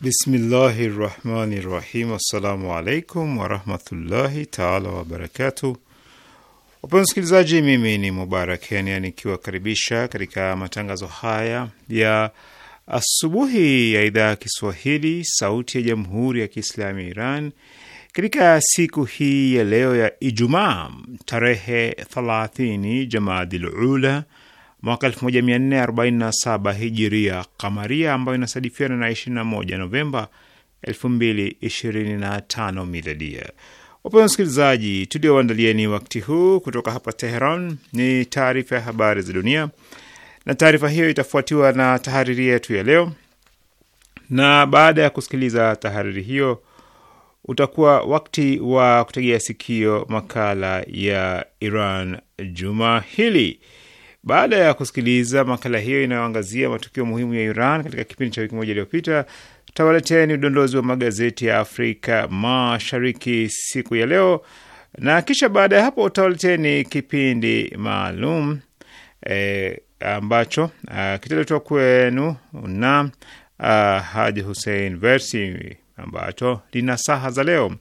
Bismillahi rahmani rahim. Assalamu alaikum warahmatullahi taala wabarakatu. Wapenzi msikilizaji, mimi ni Mubarak Kenya nikiwakaribisha katika matangazo haya ya asubuhi ya idhaa ya Kiswahili sauti ya jamhuri ya Kiislami ya Iran katika siku hii ya leo ya Ijumaa tarehe 30 Jamaadil Ula mwaka 1447 hijiria kamaria, ambayo inasadifiana na 21 Novemba 2025 miladia. Wapenzi wasikilizaji, tulioandalieni wakati huu kutoka hapa Teheran ni taarifa ya habari za dunia, na taarifa hiyo itafuatiwa na tahariri yetu ya leo, na baada ya kusikiliza tahariri hiyo utakuwa wakati wa kutegea sikio makala ya Iran juma hili. Baada ya kusikiliza makala hiyo inayoangazia matukio muhimu ya Iran katika kipindi cha wiki moja iliyopita, tawaleteni udondozi wa magazeti ya Afrika Mashariki siku ya leo, na kisha baada ya hapo utawaleteni kipindi maalum e, ambacho ah, kitaletwa kwenu na uh, ah, Haji Hussein Versi ambacho lina saha za leo.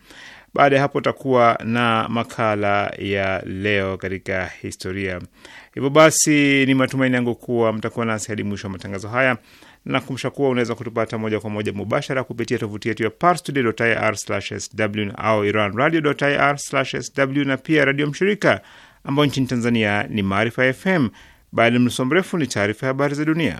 Baada ya hapo utakuwa na makala ya leo katika historia. Hivyo basi, ni matumaini yangu kuwa mtakuwa nasi hadi mwisho wa matangazo haya na kumsha kuwa unaweza kutupata moja kwa moja mubashara kupitia tovuti yetu ya parstoday.ir/sw au iranradio.ir/sw na pia radio mshirika ambayo nchini Tanzania ni Maarifa FM. Baada ya mnuso mrefu ni taarifa ya habari za dunia.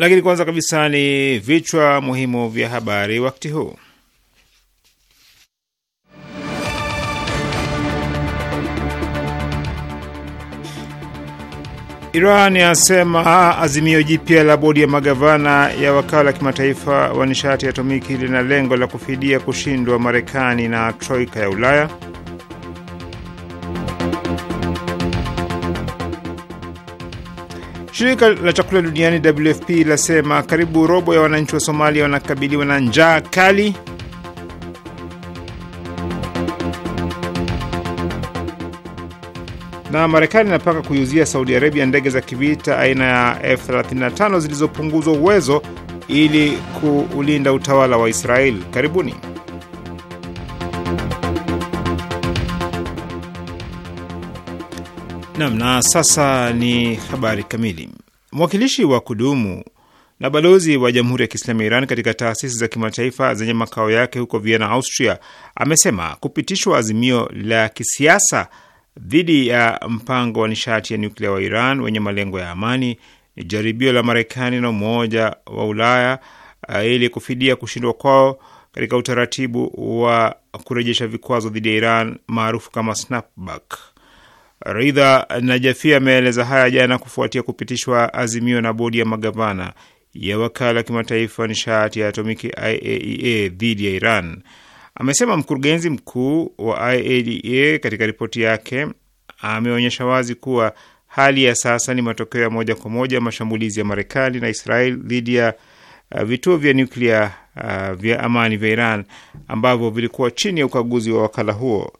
Lakini kwanza kabisa ni vichwa muhimu vya habari wakati huu. Iran yasema azimio jipya la bodi ya magavana ya wakala kimataifa wa nishati ya atomiki lina lengo la kufidia kushindwa Marekani na troika ya Ulaya. Shirika la chakula duniani WFP lasema karibu robo ya wananchi wa Somalia wanakabiliwa na njaa kali. Na Marekani inapanga kuiuzia Saudi Arabia ndege za kivita aina ya F35 zilizopunguzwa uwezo ili kuulinda utawala wa Israeli. Karibuni. Nam, na sasa ni habari kamili. Mwakilishi wa kudumu na balozi wa Jamhuri ya Kiislamu ya Iran katika taasisi za kimataifa zenye makao yake huko Vienna, Austria, amesema kupitishwa azimio la kisiasa dhidi ya mpango wa nishati ya nyuklia wa Iran wenye malengo ya amani ni jaribio la Marekani na Umoja wa Ulaya eh, ili kufidia kushindwa kwao katika utaratibu wa kurejesha vikwazo dhidi ya Iran maarufu kama snapback. Ridha Najafi ameeleza haya jana kufuatia kupitishwa azimio na bodi ya magavana ya wakala wa kimataifa nishati ya atomiki IAEA e dhidi ya Iran. Amesema mkurugenzi mkuu wa IAEA e katika ripoti yake ameonyesha wazi kuwa hali ya sasa ni matokeo ya moja kwa moja mashambulizi ya Marekani na Israel dhidi ya uh, vituo vya nyuklia uh, vya amani vya Iran ambavyo vilikuwa chini ya ukaguzi wa wakala huo.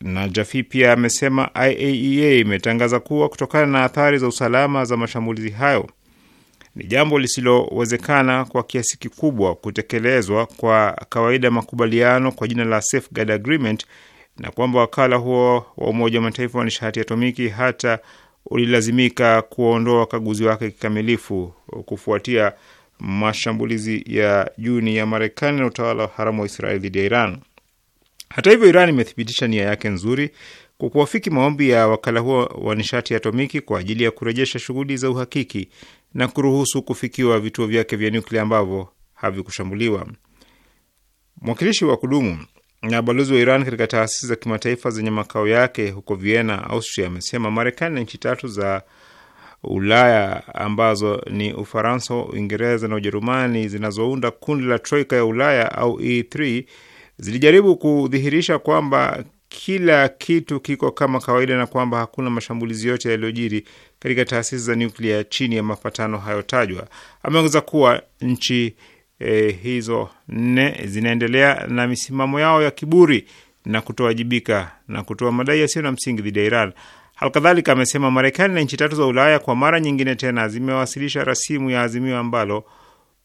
Najafi pia amesema IAEA e imetangaza kuwa kutokana na athari za usalama za mashambulizi hayo ni jambo lisilowezekana kwa kiasi kikubwa kutekelezwa kwa kawaida makubaliano kwa jina la Safeguard Agreement na kwamba wakala huo wa Umoja wa Mataifa wa nishati ya atomiki hata ulilazimika kuondoa wakaguzi wake kikamilifu kufuatia mashambulizi ya Juni ya Marekani na utawala wa haramu wa Israeli dhidi ya Iran. Hata hivyo, Iran imethibitisha nia yake nzuri kwa kuwafiki maombi ya wakala huo wa nishati ya atomiki kwa ajili ya kurejesha shughuli za uhakiki na kuruhusu kufikiwa vituo vyake vya nyuklia ambavyo havikushambuliwa. Mwakilishi wa kudumu na balozi wa Iran katika taasisi za kimataifa zenye makao yake huko Vienna, Austria, amesema Marekani na nchi tatu za Ulaya ambazo ni Ufaransa, Uingereza na Ujerumani zinazounda kundi la Troika ya Ulaya au E3 zilijaribu kudhihirisha kwamba kila kitu kiko kama kawaida na kwamba hakuna mashambulizi yote yaliyojiri katika taasisi za nyuklia chini ya mapatano hayotajwa. Ameongeza kuwa nchi e, hizo nne zinaendelea na misimamo yao ya kiburi na kutowajibika na kutoa madai yasiyo na msingi dhidi ya Iran. Halikadhalika amesema Marekani na nchi tatu za Ulaya kwa mara nyingine tena zimewasilisha rasimu ya azimio ambalo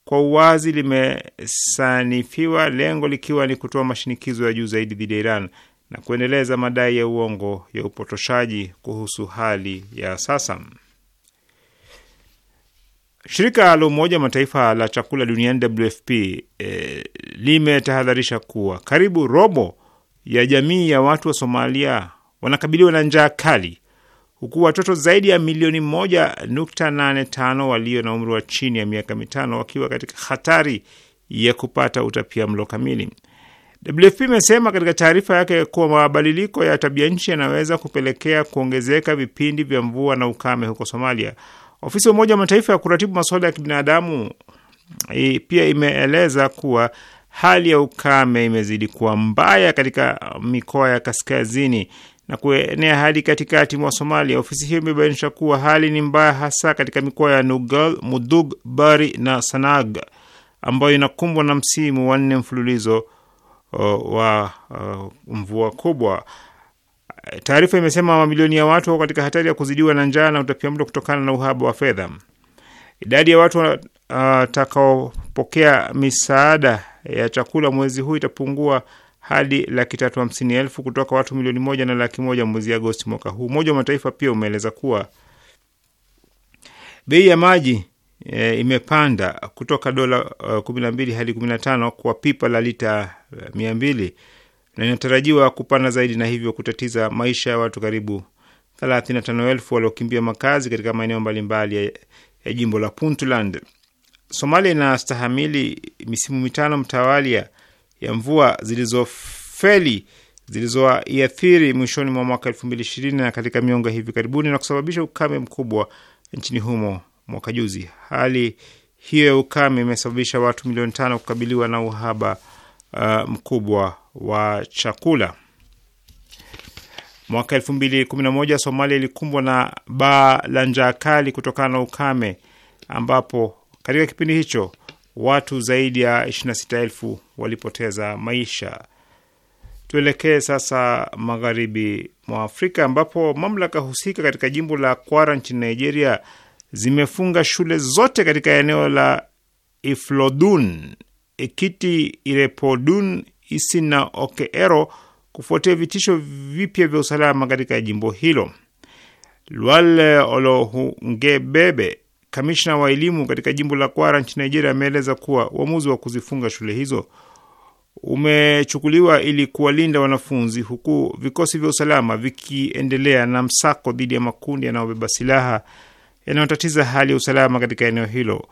kwa uwazi limesanifiwa, lengo likiwa ni kutoa mashinikizo ya juu zaidi dhidi ya Iran na kuendeleza madai ya uongo ya upotoshaji kuhusu hali ya sasa. Shirika la Umoja Mataifa la chakula duniani WFP e, eh, limetahadharisha kuwa karibu robo ya jamii ya watu wa Somalia wanakabiliwa na njaa kali huku watoto zaidi ya milioni moja nukta nane tano walio na umri wa chini ya miaka mitano wakiwa katika hatari ya kupata utapia mlo kamili. WFP imesema katika taarifa yake kuwa mabadiliko ya tabia nchi yanaweza kupelekea kuongezeka vipindi vya mvua na ukame huko Somalia. Ofisi ya Umoja wa Mataifa ya kuratibu masuala ya kibinadamu eh, pia imeeleza kuwa hali ya ukame imezidi kuwa mbaya katika mikoa ya kaskazini na kuenea hadi katikati mwa Somalia. Ofisi hiyo imebainisha kuwa hali ni mbaya hasa katika mikoa ya Nugal, Mudug, Bari na Sanaag ambayo inakumbwa na msimu wa nne mfululizo uh, wa uh, mvua kubwa. Taarifa imesema mamilioni ya watu wako katika hatari ya kuzidiwa na njaa na utapiamlo kutokana na uhaba wa fedha. Idadi ya watu uh, watakaopokea uh, misaada ya chakula mwezi huu itapungua hadi laki tatu hamsini elfu kutoka watu milioni moja na laki moja mwezi Agosti mwaka huu. Umoja wa Mataifa pia umeeleza kuwa bei ya maji e, imepanda kutoka dola e, kumi na mbili hadi kumi na tano kwa pipa la lita e, mia mbili na inatarajiwa kupanda zaidi na hivyo kutatiza maisha ya watu karibu elfu waliokimbia makazi katika maeneo mbalimbali ya, ya jimbo la Puntland. Somalia inastahamili misimu mitano mtawalia ya mvua zilizofeli zilizoiathiri mwishoni mwa mwaka elfu mbili ishirini na katika miongo hivi karibuni na kusababisha ukame mkubwa nchini humo mwaka juzi. Hali hiyo ya ukame imesababisha watu milioni tano kukabiliwa na uhaba uh, mkubwa wa chakula. Mwaka elfu mbili kumi na moja Somalia ilikumbwa na baa la njaa kali kutokana na ukame, ambapo katika kipindi hicho watu zaidi ya 26,000 walipoteza maisha. Tuelekee sasa magharibi mwa Afrika ambapo mamlaka husika katika jimbo la Kwara nchini Nigeria zimefunga shule zote katika eneo la Iflodun, Ekiti, Irepodun, isina Okeero kufuatia vitisho vipya vya usalama katika jimbo hilo. Lwale Olohungebebe, Kamishna wa elimu katika jimbo la Kwara nchini Nigeria ameeleza kuwa uamuzi wa kuzifunga shule hizo umechukuliwa ili kuwalinda wanafunzi, huku vikosi vya usalama vikiendelea na msako dhidi ya makundi yanayobeba silaha yanayotatiza hali ya usalama katika eneo hilo.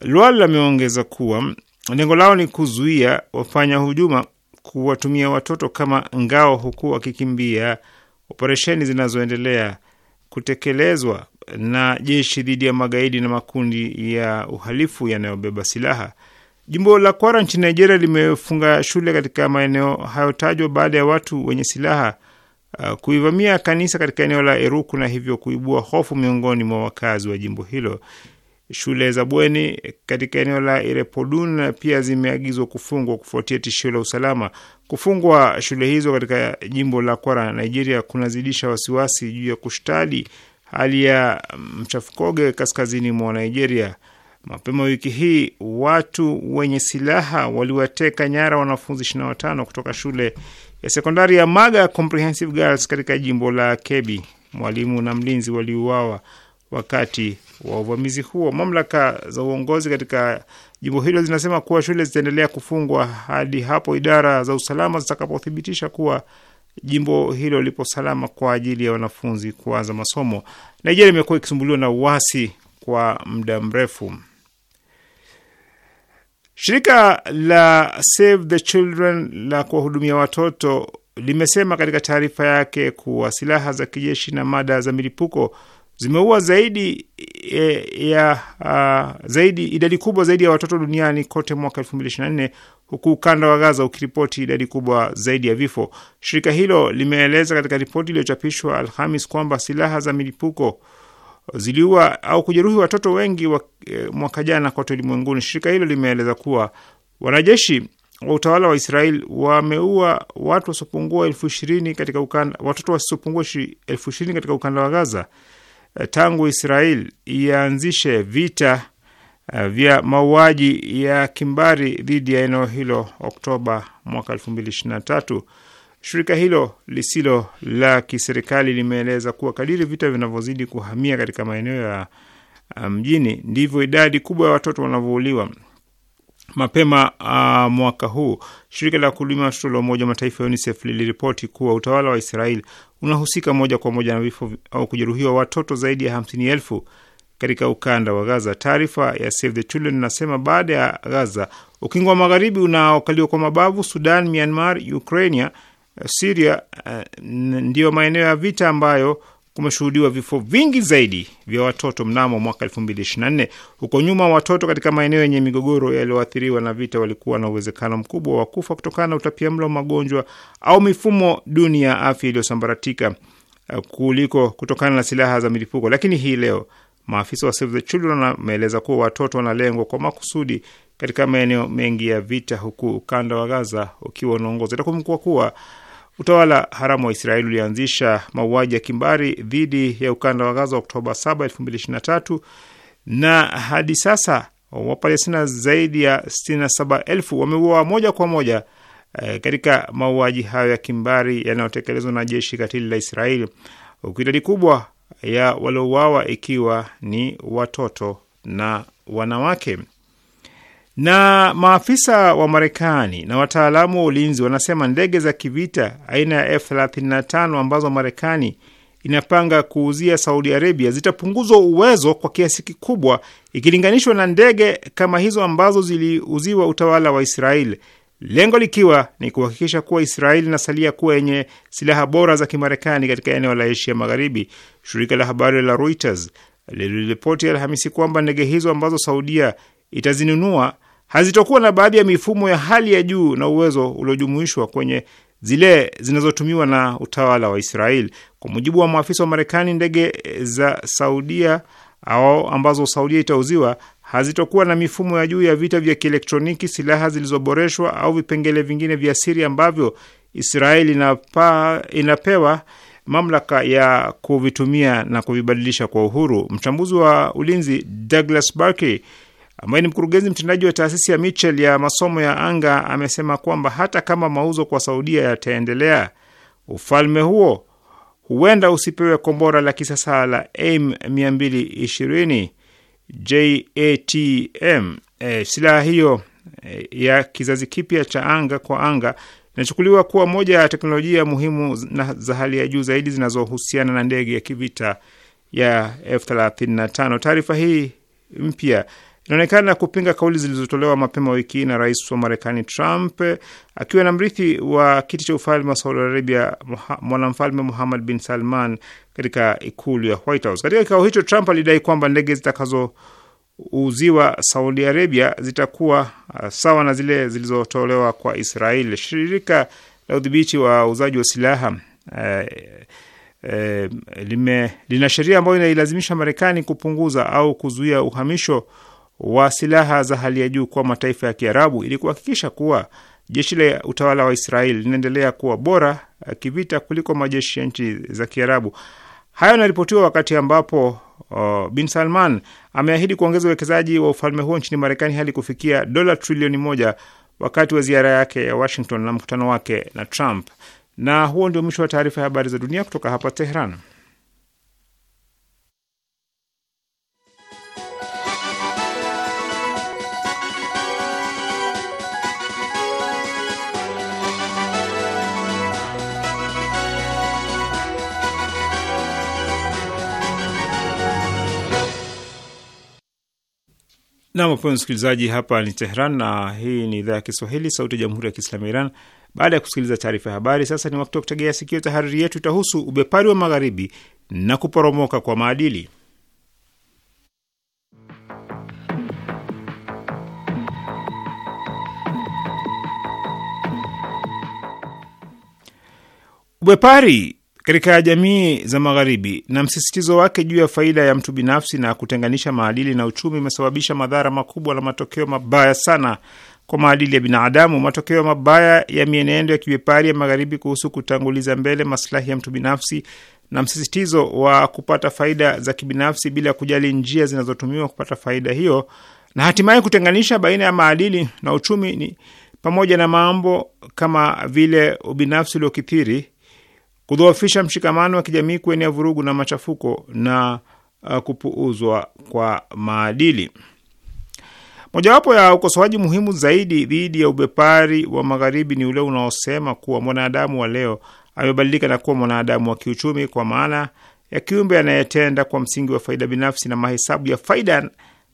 Lwal ameongeza kuwa lengo lao ni kuzuia wafanya hujuma kuwatumia watoto kama ngao, huku wakikimbia operesheni zinazoendelea kutekelezwa na jeshi dhidi ya magaidi na makundi ya uhalifu yanayobeba silaha. Jimbo la Kwara nchini Nigeria limefunga shule katika maeneo hayotajwa baada ya watu wenye silaha uh, kuivamia kanisa katika eneo la Eruku na hivyo kuibua hofu miongoni mwa wakazi wa jimbo hilo. Shule za bweni katika eneo la Irepodun pia zimeagizwa kufungwa kufuatia tishio la usalama. Kufungwa shule hizo katika jimbo la Kwara, Nigeria, kunazidisha wasiwasi juu ya kushtadi hali ya mchafukoge kaskazini mwa Nigeria. Mapema wiki hii watu wenye silaha waliwateka nyara wanafunzi 25 kutoka shule ya sekondari ya Maga Comprehensive Girls katika jimbo la Kebbi. Mwalimu na mlinzi waliuawa wakati wa uvamizi huo. Mamlaka za uongozi katika jimbo hilo zinasema kuwa shule zitaendelea kufungwa hadi hapo idara za usalama zitakapothibitisha kuwa jimbo hilo lipo salama kwa ajili ya wanafunzi kuanza masomo. Nigeria imekuwa ikisumbuliwa na uasi kwa muda mrefu. Shirika la Save the Children la kuwahudumia watoto limesema katika taarifa yake kuwa silaha za kijeshi na mada za milipuko zimeua zaidi e, ya uh, zaidi idadi kubwa zaidi ya watoto duniani kote mwaka 2024 huku ukanda wa Gaza ukiripoti idadi kubwa zaidi ya vifo. Shirika hilo limeeleza katika ripoti iliyochapishwa Alhamis kwamba silaha za milipuko ziliua au kujeruhi watoto wengi wa, e, mwaka jana kote ulimwenguni. Shirika hilo limeeleza kuwa wanajeshi wa utawala wa Israel wameua watu wasiopungua elfu ishirini katika ukanda, watoto wasiopungua elfu ishirini katika ukanda wa Gaza. Eh, tangu Israel ianzishe vita eh, vya mauaji ya kimbari dhidi ya eneo hilo Oktoba mwaka 2023. Shirika hilo lisilo la kiserikali limeeleza kuwa kadiri vita vinavyozidi kuhamia katika maeneo ya eh, mjini, ndivyo idadi kubwa ya watoto wanavyouliwa. Mapema uh, mwaka huu shirika la kulima watoto la Umoja wa Mataifa UNICEF liliripoti kuwa utawala wa Israel unahusika moja kwa moja na vifo au kujeruhiwa watoto zaidi ya hamsini elfu katika ukanda wa Gaza. Taarifa ya Save the Children inasema baada ya Gaza, ukingo wa magharibi unaokaliwa kwa mabavu, Sudan, Myanmar, Ukraina, Siria uh, ndiyo maeneo ya vita ambayo kumeshuhudiwa vifo vingi zaidi vya watoto mnamo mwaka 2024. Huko nyuma, watoto katika maeneo yenye migogoro yaliyoathiriwa na vita walikuwa na uwezekano mkubwa wa kufa kutokana na utapiamlo, magonjwa au mifumo duni ya afya iliyosambaratika eh, kuliko kutokana na silaha za milipuko. Lakini hii leo maafisa wa Save the Children wameeleza kuwa watoto wanalengwa kwa makusudi katika maeneo mengi ya vita, huku ukanda wa Gaza ukiwa unaongoza. Itakumbukwa kuwa Utawala haramu wa Israeli ulianzisha mauaji ya kimbari dhidi ya ukanda wa Gaza Oktoba 7, 2023 na hadi sasa Wapalestina zaidi ya 67,000 wameuawa moja kwa moja eh, katika mauaji hayo ya kimbari yanayotekelezwa na jeshi katili la Israeli, huku idadi kubwa ya waliouawa ikiwa ni watoto na wanawake. Na maafisa wa Marekani na wataalamu wa ulinzi wanasema ndege za kivita aina ya F35 ambazo Marekani inapanga kuuzia Saudi Arabia zitapunguzwa uwezo kwa kiasi kikubwa ikilinganishwa na ndege kama hizo ambazo ziliuziwa utawala wa Israeli, lengo likiwa ni kuhakikisha kuwa Israeli inasalia kuwa yenye silaha bora za Kimarekani katika eneo la Asia Magharibi. Shirika la habari la Reuters liliripoti Alhamisi kwamba ndege hizo ambazo Saudia itazinunua hazitokuwa na baadhi ya mifumo ya hali ya juu na uwezo uliojumuishwa kwenye zile zinazotumiwa na utawala wa Israel. Kwa mujibu wa maafisa wa Marekani, ndege za Saudia au ambazo Saudia itauziwa hazitokuwa na mifumo ya juu ya vita vya kielektroniki, silaha zilizoboreshwa au vipengele vingine vya siri ambavyo Israel inapa, inapewa mamlaka ya kuvitumia na kuvibadilisha kwa uhuru. Mchambuzi wa ulinzi Douglas Barkey ambaye ni mkurugenzi mtendaji wa taasisi ya Mitchell ya masomo ya anga amesema kwamba hata kama mauzo kwa Saudia yataendelea, ufalme huo huenda usipewe kombora la kisasa la m 220 JATM. E, silaha hiyo e, ya kizazi kipya cha anga kwa anga inachukuliwa kuwa moja ya teknolojia muhimu na za hali ya juu zaidi zinazohusiana na ndege ya kivita ya F35. Taarifa hii mpya inaonekana kupinga kauli zilizotolewa mapema wiki na rais wa Marekani Trump akiwa na mrithi wa kiti cha ufalme wa Saudi Arabia mwanamfalme Muhammad bin Salman katika ikulu ya White House. Katika kikao hicho, Trump alidai kwamba ndege zitakazouziwa Saudi Arabia zitakuwa uh, sawa na zile zilizotolewa kwa israel Shirika la udhibiti wa uuzaji wa silaha eh, eh, lime, lina sheria ambayo inailazimisha Marekani kupunguza au kuzuia uhamisho wa silaha za hali ya juu kwa mataifa ya Kiarabu ili kuhakikisha kuwa jeshi la utawala wa Israeli linaendelea kuwa bora eh, kivita kuliko majeshi ya nchi za Kiarabu. Hayo yanaripotiwa wakati ambapo uh, Bin Salman ameahidi kuongeza uwekezaji wa ufalme huo nchini Marekani hadi kufikia dola trilioni moja wakati wa ziara yake ya Washington na mkutano wake na Trump. Na huo ndio mwisho wa taarifa ya habari za dunia kutoka hapa Tehran. Nam wapewa msikilizaji, hapa ni Tehran na hii ni idhaa ya Kiswahili, sauti ya jamhuri ya kiislamu ya Iran. Baada ya kusikiliza taarifa ya habari, sasa ni wakati wa kutegea sikio. Tahariri yetu itahusu ubepari wa magharibi na kuporomoka kwa maadili. Ubepari katika jamii za Magharibi na msisitizo wake juu ya faida ya mtu binafsi na kutenganisha maadili na uchumi umesababisha madhara makubwa na matokeo mabaya sana kwa maadili ya binadamu. Matokeo mabaya ya mienendo ya kibepari ya Magharibi kuhusu kutanguliza mbele maslahi ya mtu binafsi na msisitizo wa kupata faida za kibinafsi bila kujali njia zinazotumiwa kupata faida hiyo, na hatimaye kutenganisha baina ya maadili na uchumi, ni pamoja na mambo kama vile ubinafsi uliokithiri kudhoofisha mshikamano wa kijamii, kuenea vurugu na machafuko na uh, kupuuzwa kwa maadili. Mojawapo ya ukosoaji muhimu zaidi dhidi ya ubepari wa magharibi ni ule unaosema kuwa mwanadamu wa leo amebadilika na kuwa mwanadamu wa kiuchumi, kwa maana ya kiumbe anayetenda kwa msingi wa faida binafsi na mahesabu ya faida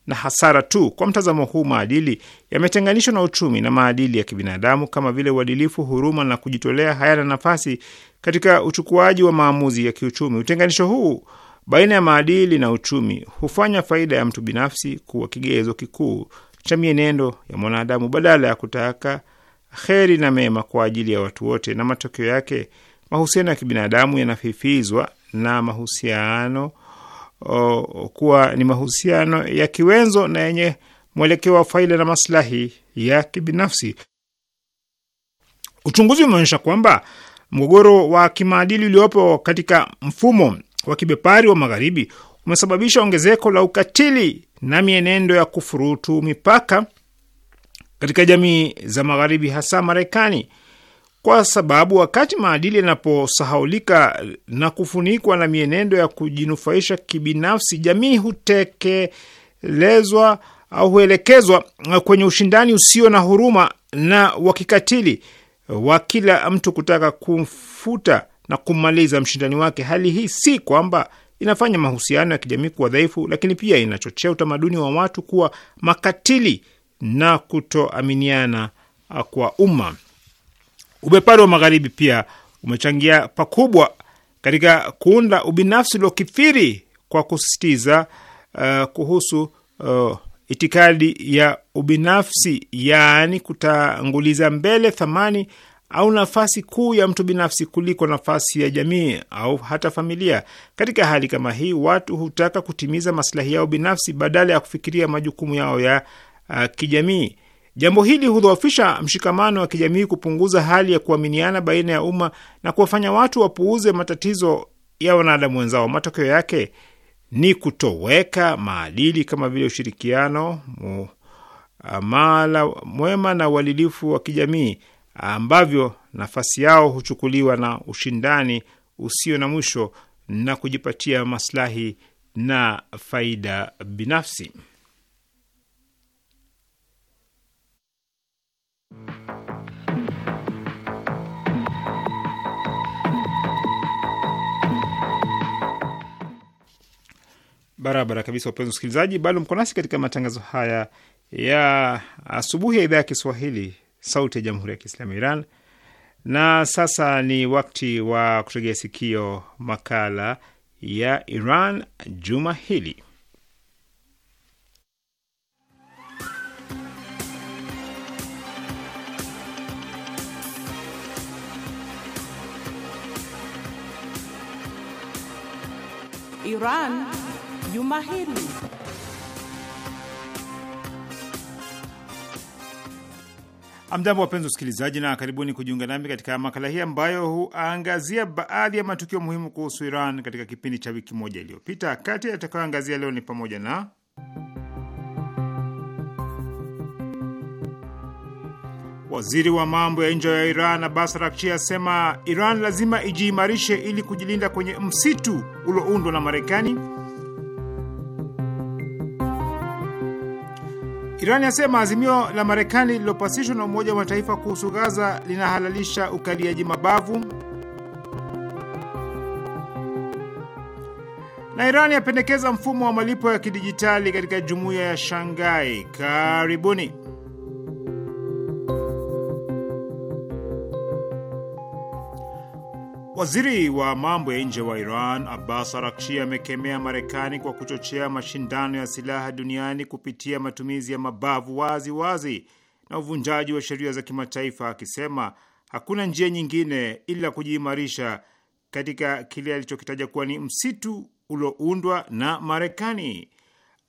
na hasara tu. Kwa mtazamo huu, maadili yametenganishwa na uchumi, na maadili ya kibinadamu kama vile uadilifu, huruma na kujitolea hayana nafasi katika uchukuaji wa maamuzi ya kiuchumi. Utenganisho huu baina ya maadili na uchumi hufanya faida ya mtu binafsi kuwa kigezo kikuu cha mienendo ya mwanadamu badala ya kutaka heri na mema kwa ajili ya watu wote, na matokeo yake mahusiano ya kibinadamu yanafifizwa na mahusiano o, kuwa ni mahusiano ya kiwenzo na yenye mwelekeo wa faida na maslahi ya kibinafsi. Uchunguzi umeonyesha kwamba mgogoro wa kimaadili uliopo katika mfumo wa kibepari wa Magharibi umesababisha ongezeko la ukatili na mienendo ya kufurutu mipaka katika jamii za Magharibi, hasa Marekani kwa sababu wakati maadili yanaposahaulika na kufunikwa na mienendo ya kujinufaisha kibinafsi, jamii hutekelezwa au huelekezwa kwenye ushindani usio na huruma na wa kikatili wa kila mtu kutaka kumfuta na kumaliza mshindani wake. Hali hii si kwamba inafanya mahusiano ya kijamii kuwa dhaifu, lakini pia inachochea utamaduni wa watu kuwa makatili na kutoaminiana kwa umma. Ubepari wa Magharibi pia umechangia pakubwa katika kuunda ubinafsi uliokithiri kwa kusisitiza uh, kuhusu uh, itikadi ya ubinafsi, yaani kutanguliza mbele thamani au nafasi kuu ya mtu binafsi kuliko nafasi ya jamii au hata familia. Katika hali kama hii, watu hutaka kutimiza maslahi yao binafsi badala ya kufikiria majukumu yao ya uh, kijamii. Jambo hili hudhoofisha mshikamano wa kijamii, kupunguza hali ya kuaminiana baina ya umma na kuwafanya watu wapuuze matatizo ya wanadamu wenzao. Matokeo yake ni kutoweka maadili kama vile ushirikiano, muamala ah, mwema na uadilifu wa kijamii, ambavyo nafasi yao huchukuliwa na ushindani usio na mwisho na kujipatia maslahi na faida binafsi. Barabara kabisa, wapenzi wasikilizaji, bado mko nasi katika matangazo haya ya asubuhi ya idhaa ya Kiswahili, Sauti ya Jamhuri ya Kiislamu ya Iran. Na sasa ni wakati wa kutegea sikio makala ya Iran juma hili. Iran juma hili. Amjambo, wapenzi wasikilizaji, na karibuni kujiunga nami katika makala hii ambayo huangazia baadhi ya matukio muhimu kuhusu Iran katika kipindi cha wiki moja iliyopita. Kati yatakayoangazia leo ni pamoja na Waziri wa mambo ya nje ya Iran Abbas Araghchi asema Iran lazima ijiimarishe ili kujilinda kwenye msitu ulioundwa na Marekani. Iran yasema azimio la Marekani lililopasishwa na Umoja wa Mataifa kuhusu Gaza linahalalisha ukaliaji mabavu. na Iran yapendekeza mfumo wa malipo ya kidijitali katika jumuiya ya Shanghai. Karibuni. Waziri wa mambo ya nje wa Iran Abbas Arakshi amekemea Marekani kwa kuchochea mashindano ya silaha duniani kupitia matumizi ya mabavu wazi wazi na uvunjaji wa sheria za kimataifa, akisema hakuna njia nyingine ila kujiimarisha katika kile alichokitaja kuwa ni msitu ulioundwa na Marekani.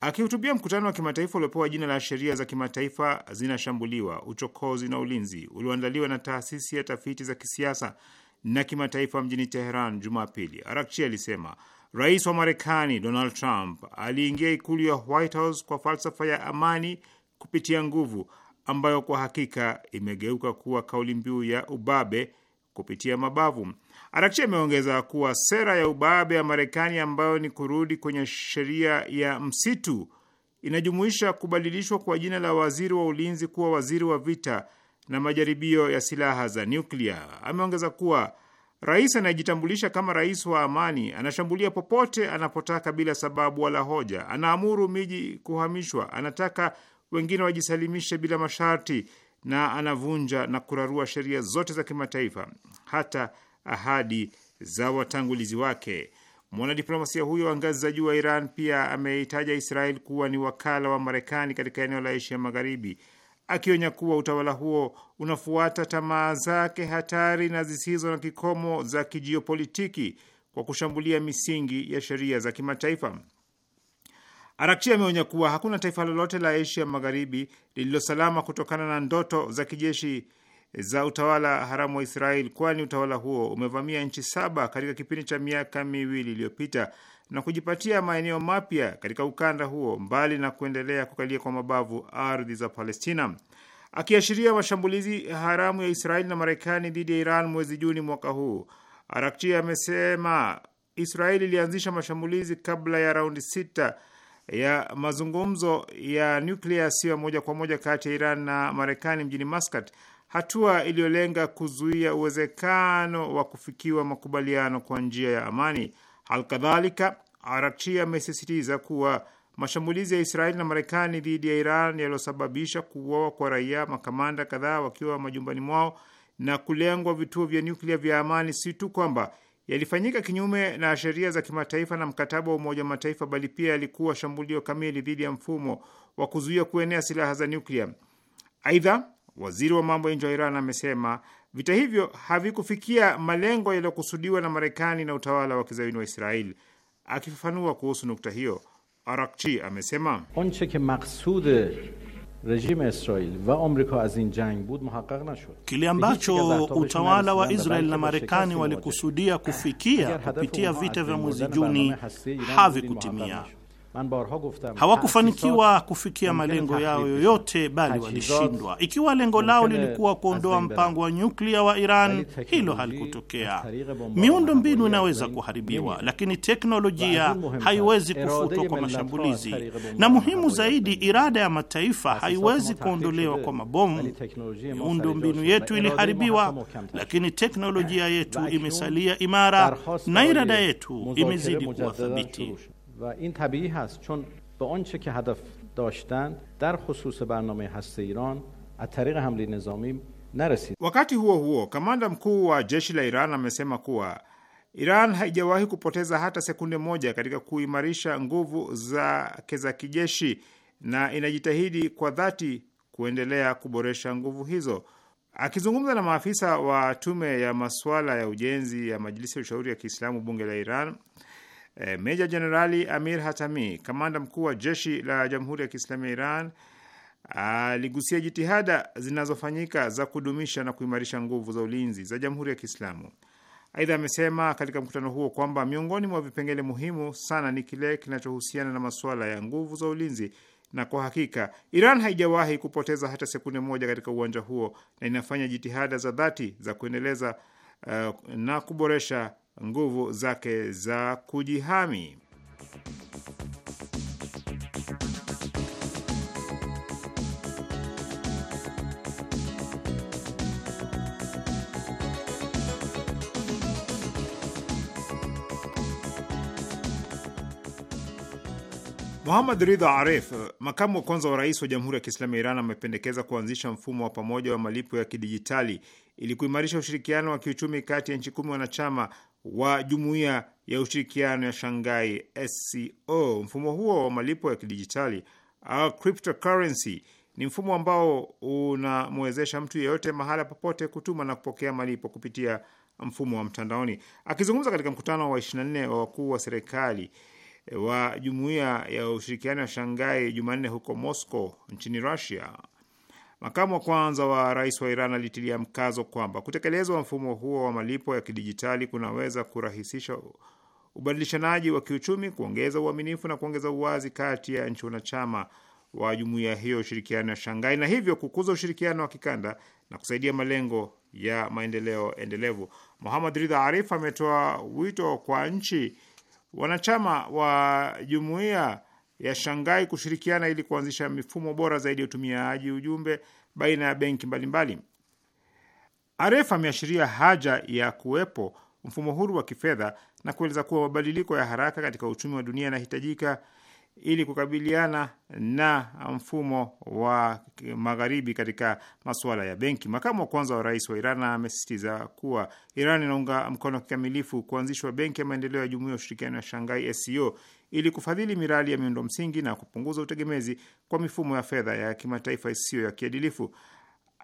Akihutubia mkutano wa kimataifa uliopewa jina la sheria za kimataifa zinashambuliwa, uchokozi na ulinzi, ulioandaliwa na taasisi ya tafiti za kisiasa na kimataifa mjini Teheran Jumapili, Arakchi alisema rais wa Marekani Donald Trump aliingia ikulu ya White House kwa falsafa ya amani kupitia nguvu, ambayo kwa hakika imegeuka kuwa kauli mbiu ya ubabe kupitia mabavu. Arakchi ameongeza kuwa sera ya ubabe ya Marekani, ambayo ni kurudi kwenye sheria ya msitu, inajumuisha kubadilishwa kwa jina la waziri wa ulinzi kuwa waziri wa vita na majaribio ya silaha za nyuklia. Ameongeza kuwa rais anayejitambulisha kama rais wa amani anashambulia popote anapotaka bila sababu wala hoja, anaamuru miji kuhamishwa, anataka wengine wajisalimishe bila masharti, na anavunja na kurarua sheria zote za kimataifa, hata ahadi za watangulizi wake. Mwanadiplomasia huyo wa ngazi za juu wa Iran pia ameitaja Israel kuwa ni wakala wa Marekani katika eneo la Asia Magharibi akionya kuwa utawala huo unafuata tamaa zake hatari na zisizo na kikomo za kijiopolitiki kwa kushambulia misingi ya sheria za kimataifa. Arakchi ameonya kuwa hakuna taifa lolote la Asia Magharibi lililosalama kutokana na ndoto za kijeshi za utawala haramu wa Israeli, kwani utawala huo umevamia nchi saba katika kipindi cha miaka miwili iliyopita na kujipatia maeneo mapya katika ukanda huo, mbali na kuendelea kukalia kwa mabavu ardhi za Palestina. Akiashiria mashambulizi haramu ya Israeli na Marekani dhidi ya Iran mwezi Juni mwaka huu, Arakchi amesema Israeli ilianzisha mashambulizi kabla ya raundi sita ya mazungumzo ya nuklia sio moja kwa moja kati ya Iran na Marekani mjini Muscat, hatua iliyolenga kuzuia uwezekano wa kufikiwa makubaliano kwa njia ya amani. Halkadhalika, Arakchi amesisitiza kuwa mashambulizi ya Israeli na Marekani dhidi ya Iran yaliyosababisha kuuawa kwa raia, makamanda kadhaa wakiwa majumbani mwao na kulengwa vituo vya nyuklia vya amani, si tu kwamba yalifanyika kinyume na sheria za kimataifa na mkataba wa Umoja wa Mataifa, bali pia yalikuwa shambulio kamili dhidi ya mfumo wa kuzuia kuenea silaha za nyuklia. Aidha, waziri wa mambo ya nje wa Iran amesema vita hivyo havikufikia malengo yaliyokusudiwa na Marekani na utawala wa kizayuni wa Israeli. Akifafanua kuhusu nukta hiyo, Arakchi amesema kile ambacho utawala wa Israel na Marekani walikusudia kufikia kupitia vita vya mwezi Juni havikutimia. Hawakufanikiwa kufikia malengo yao yoyote, bali walishindwa. Ikiwa lengo lao lilikuwa kuondoa mpango wa nyuklia wa Iran, hilo halikutokea. Miundo mbinu inaweza kuharibiwa, lakini teknolojia haiwezi kufutwa kwa mashambulizi, na muhimu zaidi, irada ya mataifa haiwezi kuondolewa kwa mabomu. Miundo mbinu yetu iliharibiwa, lakini teknolojia yetu imesalia imara na irada yetu imezidi kuwa thabiti. و این طبیعی هست چون به آنچه که هدف داشتند در خصوص برنامه هسته ایران از طریق حمله نظامی نرسید. Wakati huo huo, kamanda mkuu wa jeshi la Iran amesema kuwa Iran haijawahi kupoteza hata sekunde moja katika kuimarisha nguvu zake za kijeshi na inajitahidi kwa dhati kuendelea kuboresha nguvu hizo. Akizungumza na maafisa wa tume ya masuala ya ujenzi ya Majlisi ya Ushauri ya Kiislamu bunge la Iran e, Meja Jenerali Amir Hatami, kamanda mkuu wa jeshi la Jamhuri ya Kiislamu ya Iran, aligusia jitihada zinazofanyika za kudumisha na kuimarisha nguvu za ulinzi za Jamhuri ya Kiislamu. Aidha, amesema katika mkutano huo kwamba miongoni mwa vipengele muhimu sana ni kile kinachohusiana na masuala ya nguvu za ulinzi, na kwa hakika Iran haijawahi kupoteza hata sekunde moja katika uwanja huo na inafanya jitihada za dhati za kuendeleza uh, na kuboresha nguvu zake za kujihami. Muhamad Ridha Arif, makamu wa kwanza wa rais wa Jamhuri ya Kiislamu ya Iran, amependekeza kuanzisha mfumo wa pamoja wa malipo ya kidijitali ili kuimarisha ushirikiano wa kiuchumi kati ya nchi kumi wanachama wa jumuiya ya ushirikiano ya Shanghai SCO. Mfumo huo wa malipo ya kidijitali au cryptocurrency ni mfumo ambao unamwezesha mtu yeyote mahala popote kutuma na kupokea malipo kupitia mfumo wa mtandaoni. Akizungumza katika mkutano wa 24 wa wakuu wa serikali eh, wa jumuiya ya ushirikiano ya Shanghai Jumanne huko Moscow nchini Russia, Makamu wa kwanza wa rais wa Iran alitilia mkazo kwamba kutekelezwa mfumo huo wa malipo ya kidijitali kunaweza kurahisisha ubadilishanaji wa kiuchumi, kuongeza uaminifu na kuongeza uwazi kati ya nchi wanachama wa jumuiya hiyo ushirikiano ya shangai na hivyo kukuza ushirikiano wa kikanda na kusaidia malengo ya maendeleo endelevu. Muhamad Ridha Arif ametoa wito kwa nchi wanachama wa jumuiya ya Shanghai kushirikiana ili kuanzisha mifumo bora zaidi ya utumiaji ujumbe baina ya benki mbalimbali. Aref ameashiria haja ya kuwepo mfumo huru wa kifedha na kueleza kuwa mabadiliko ya haraka katika uchumi wa dunia yanahitajika ili kukabiliana na mfumo wa magharibi katika masuala ya benki. Makamu wa kwanza wa rais wa Iran amesisitiza kuwa Iran inaunga mkono kikamilifu kuanzishwa benki ya maendeleo ya jumuiya ya ushirikiano ya Shanghai SCO e ili kufadhili miradi ya miundo msingi na kupunguza utegemezi kwa mifumo ya fedha ya kimataifa isiyo ya kiadilifu.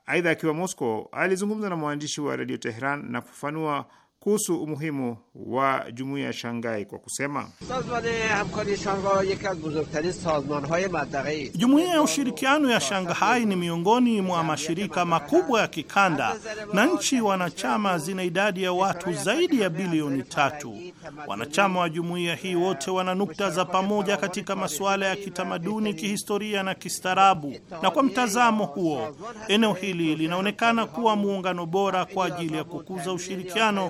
Aidha, akiwa Moscow alizungumza na mwandishi wa redio Teheran na kufafanua kuhusu umuhimu wa jumuiya ya Shangai kwa kusema jumuiya ya ushirikiano ya Shanghai ni miongoni mwa mashirika makubwa ya kikanda, na nchi wanachama zina idadi ya watu zaidi ya bilioni tatu. Wanachama wa jumuiya hii wote wana nukta za pamoja katika masuala ya kitamaduni, kihistoria na kistaarabu, na kwa mtazamo huo eneo hili linaonekana kuwa muungano bora kwa ajili ya kukuza ushirikiano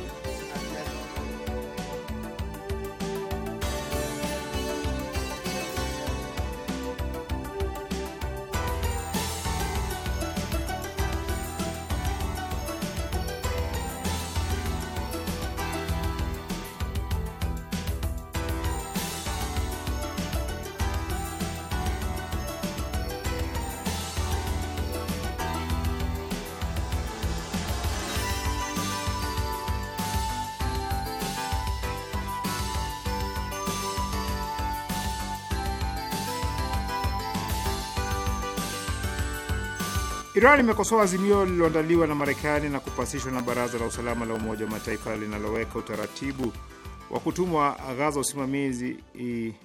Iran imekosoa azimio lililoandaliwa na Marekani na kupasishwa na Baraza la Usalama la Umoja wa Mataifa linaloweka utaratibu wa kutumwa Gaza usimamizi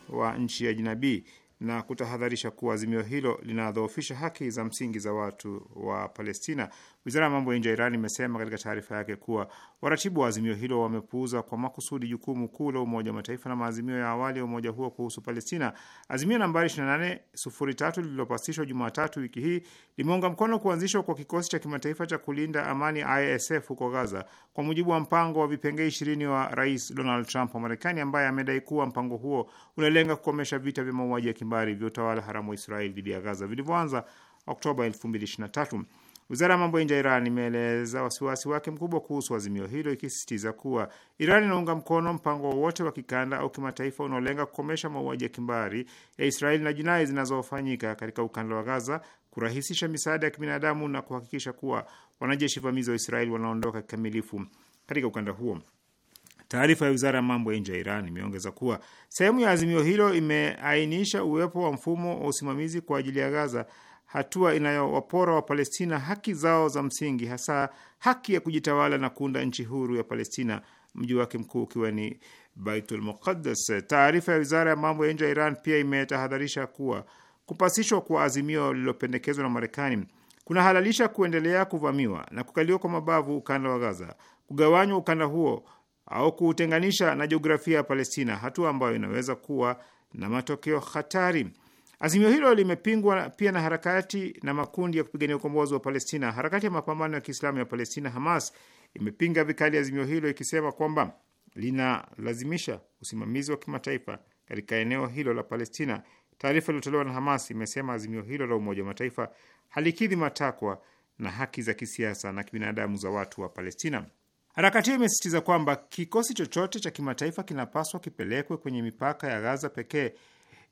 wa nchi ya jinabii na kutahadharisha kuwa azimio hilo linadhoofisha haki za msingi za watu wa Palestina. Wizara ya mambo ya nje ya Iran imesema katika taarifa yake kuwa waratibu wa azimio hilo wamepuuza kwa makusudi jukumu kuu la Umoja wa Mataifa na maazimio ya awali ya umoja huo kuhusu Palestina. Azimio nambari 2803 lililopasishwa Jumatatu wiki hii limeunga mkono kuanzishwa kwa kikosi cha kimataifa cha kulinda amani ISF huko Gaza kwa mujibu wa mpango wa vipengee ishirini wa Rais Donald Trump wa Marekani, ambaye amedai kuwa mpango huo unalenga kukomesha vita vya mauaji ya kimbari vya utawala haramu wa Israeli dhidi ya Gaza vilivyoanza Oktoba 2023. Wizara ya mambo ya nje ya Iran imeeleza wasiwasi wake mkubwa kuhusu azimio hilo, ikisisitiza kuwa Iran inaunga mkono mpango wowote wa kikanda au kimataifa unaolenga kukomesha mauaji ya kimbari ya Israeli na jinai zinazofanyika katika ukanda wa Gaza, kurahisisha misaada ya kibinadamu na kuhakikisha kuwa wanajeshi vamizi wa Israeli wanaondoka kikamilifu katika ukanda huo. Taarifa ya wizara ya mambo ya nje ya Iran imeongeza kuwa sehemu ya azimio hilo imeainisha uwepo wa mfumo wa usimamizi kwa ajili ya Gaza hatua inayowapora Wapalestina haki zao za msingi, hasa haki ya kujitawala na kuunda nchi huru ya Palestina, mji wake mkuu ukiwa ni Baitul Muqaddas. Taarifa ya wizara ya mambo ya nje ya Iran pia imetahadharisha kuwa kupasishwa kwa azimio lililopendekezwa na Marekani kunahalalisha kuendelea kuvamiwa na kukaliwa kwa mabavu ukanda wa Gaza, kugawanywa ukanda huo au kuutenganisha na jiografia ya Palestina, hatua ambayo inaweza kuwa na matokeo hatari. Azimio hilo limepingwa pia na harakati na makundi ya kupigania ukombozi wa Palestina. Harakati ya mapambano ya Kiislamu ya Palestina, Hamas, imepinga vikali azimio hilo ikisema kwamba linalazimisha usimamizi wa kimataifa katika eneo hilo la Palestina. Taarifa iliyotolewa na Hamas imesema azimio hilo la Umoja wa Mataifa halikidhi matakwa na haki za kisiasa na kibinadamu za watu wa Palestina. Harakati hiyo imesisitiza kwamba kikosi chochote cha kimataifa kinapaswa kipelekwe kwenye mipaka ya Gaza pekee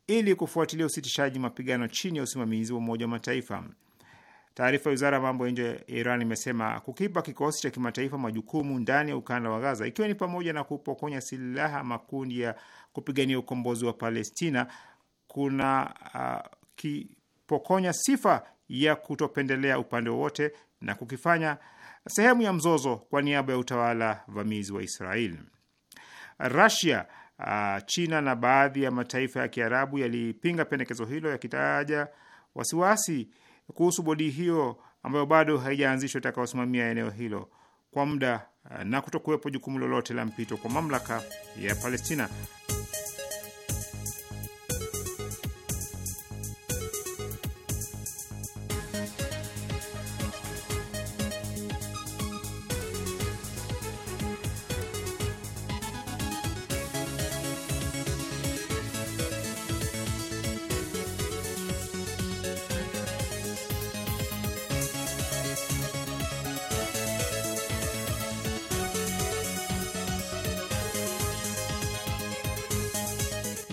ili kufuatilia usitishaji mapigano chini ya usimamizi wa Umoja wa Mataifa. Taarifa ya wizara ya mambo ya nje ya Iran imesema kukipa kikosi cha kimataifa majukumu ndani ya ukanda wa Gaza, ikiwa ni pamoja na kupokonya silaha makundi ya kupigania ukombozi wa Palestina, kuna uh, kipokonya sifa ya kutopendelea upande wowote na kukifanya sehemu ya mzozo kwa niaba ya utawala vamizi wa Israeli. Russia Ah, China na baadhi ya mataifa ya Kiarabu yalipinga pendekezo hilo yakitaja wasiwasi kuhusu bodi hiyo ambayo bado haijaanzishwa itakayosimamia eneo hilo kwa muda ah, na kutokuwepo jukumu lolote la mpito kwa mamlaka ya Palestina.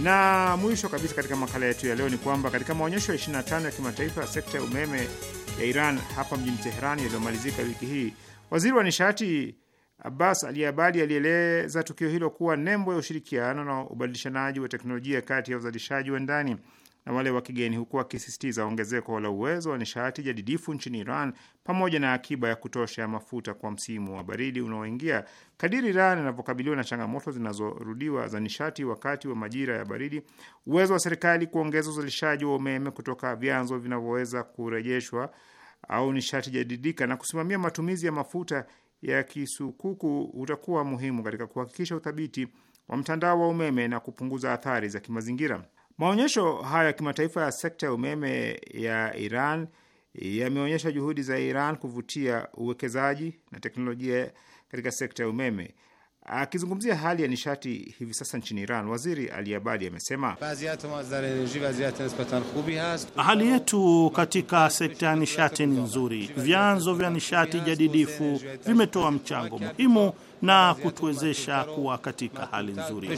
Na mwisho kabisa katika makala yetu ya leo ni kwamba katika maonyesho ya 25 ya kimataifa ya sekta ya umeme ya Iran hapa mjini Teheran yaliyomalizika wiki hii, waziri wa nishati Abbas Ali Abadi alieleza tukio hilo kuwa nembo ya ushirikiano na ubadilishanaji wa teknolojia kati ya uzalishaji wa ndani na wale wa kigeni, huku akisisitiza ongezeko la uwezo wa nishati jadidifu nchini Iran pamoja na akiba ya kutosha ya mafuta kwa msimu wa baridi unaoingia. Kadiri Iran inavyokabiliwa na changamoto zinazorudiwa za nishati wakati wa majira ya baridi, uwezo wa serikali kuongeza uzalishaji wa umeme kutoka vyanzo vinavyoweza kurejeshwa au nishati jadidika na kusimamia matumizi ya mafuta ya kisukuku utakuwa muhimu katika kuhakikisha uthabiti wa mtandao wa umeme na kupunguza athari za kimazingira. Maonyesho haya ya kimataifa ya sekta ya umeme ya Iran yameonyesha juhudi za Iran kuvutia uwekezaji na teknolojia katika sekta ya umeme. Akizungumzia hali ya nishati hivi sasa nchini Iran, waziri Ali Abadi amesema hali yetu katika sekta ya nishati ni nzuri. Vyanzo vya nishati jadidifu vimetoa mchango muhimu na kutuwezesha kuwa katika hali nzuri.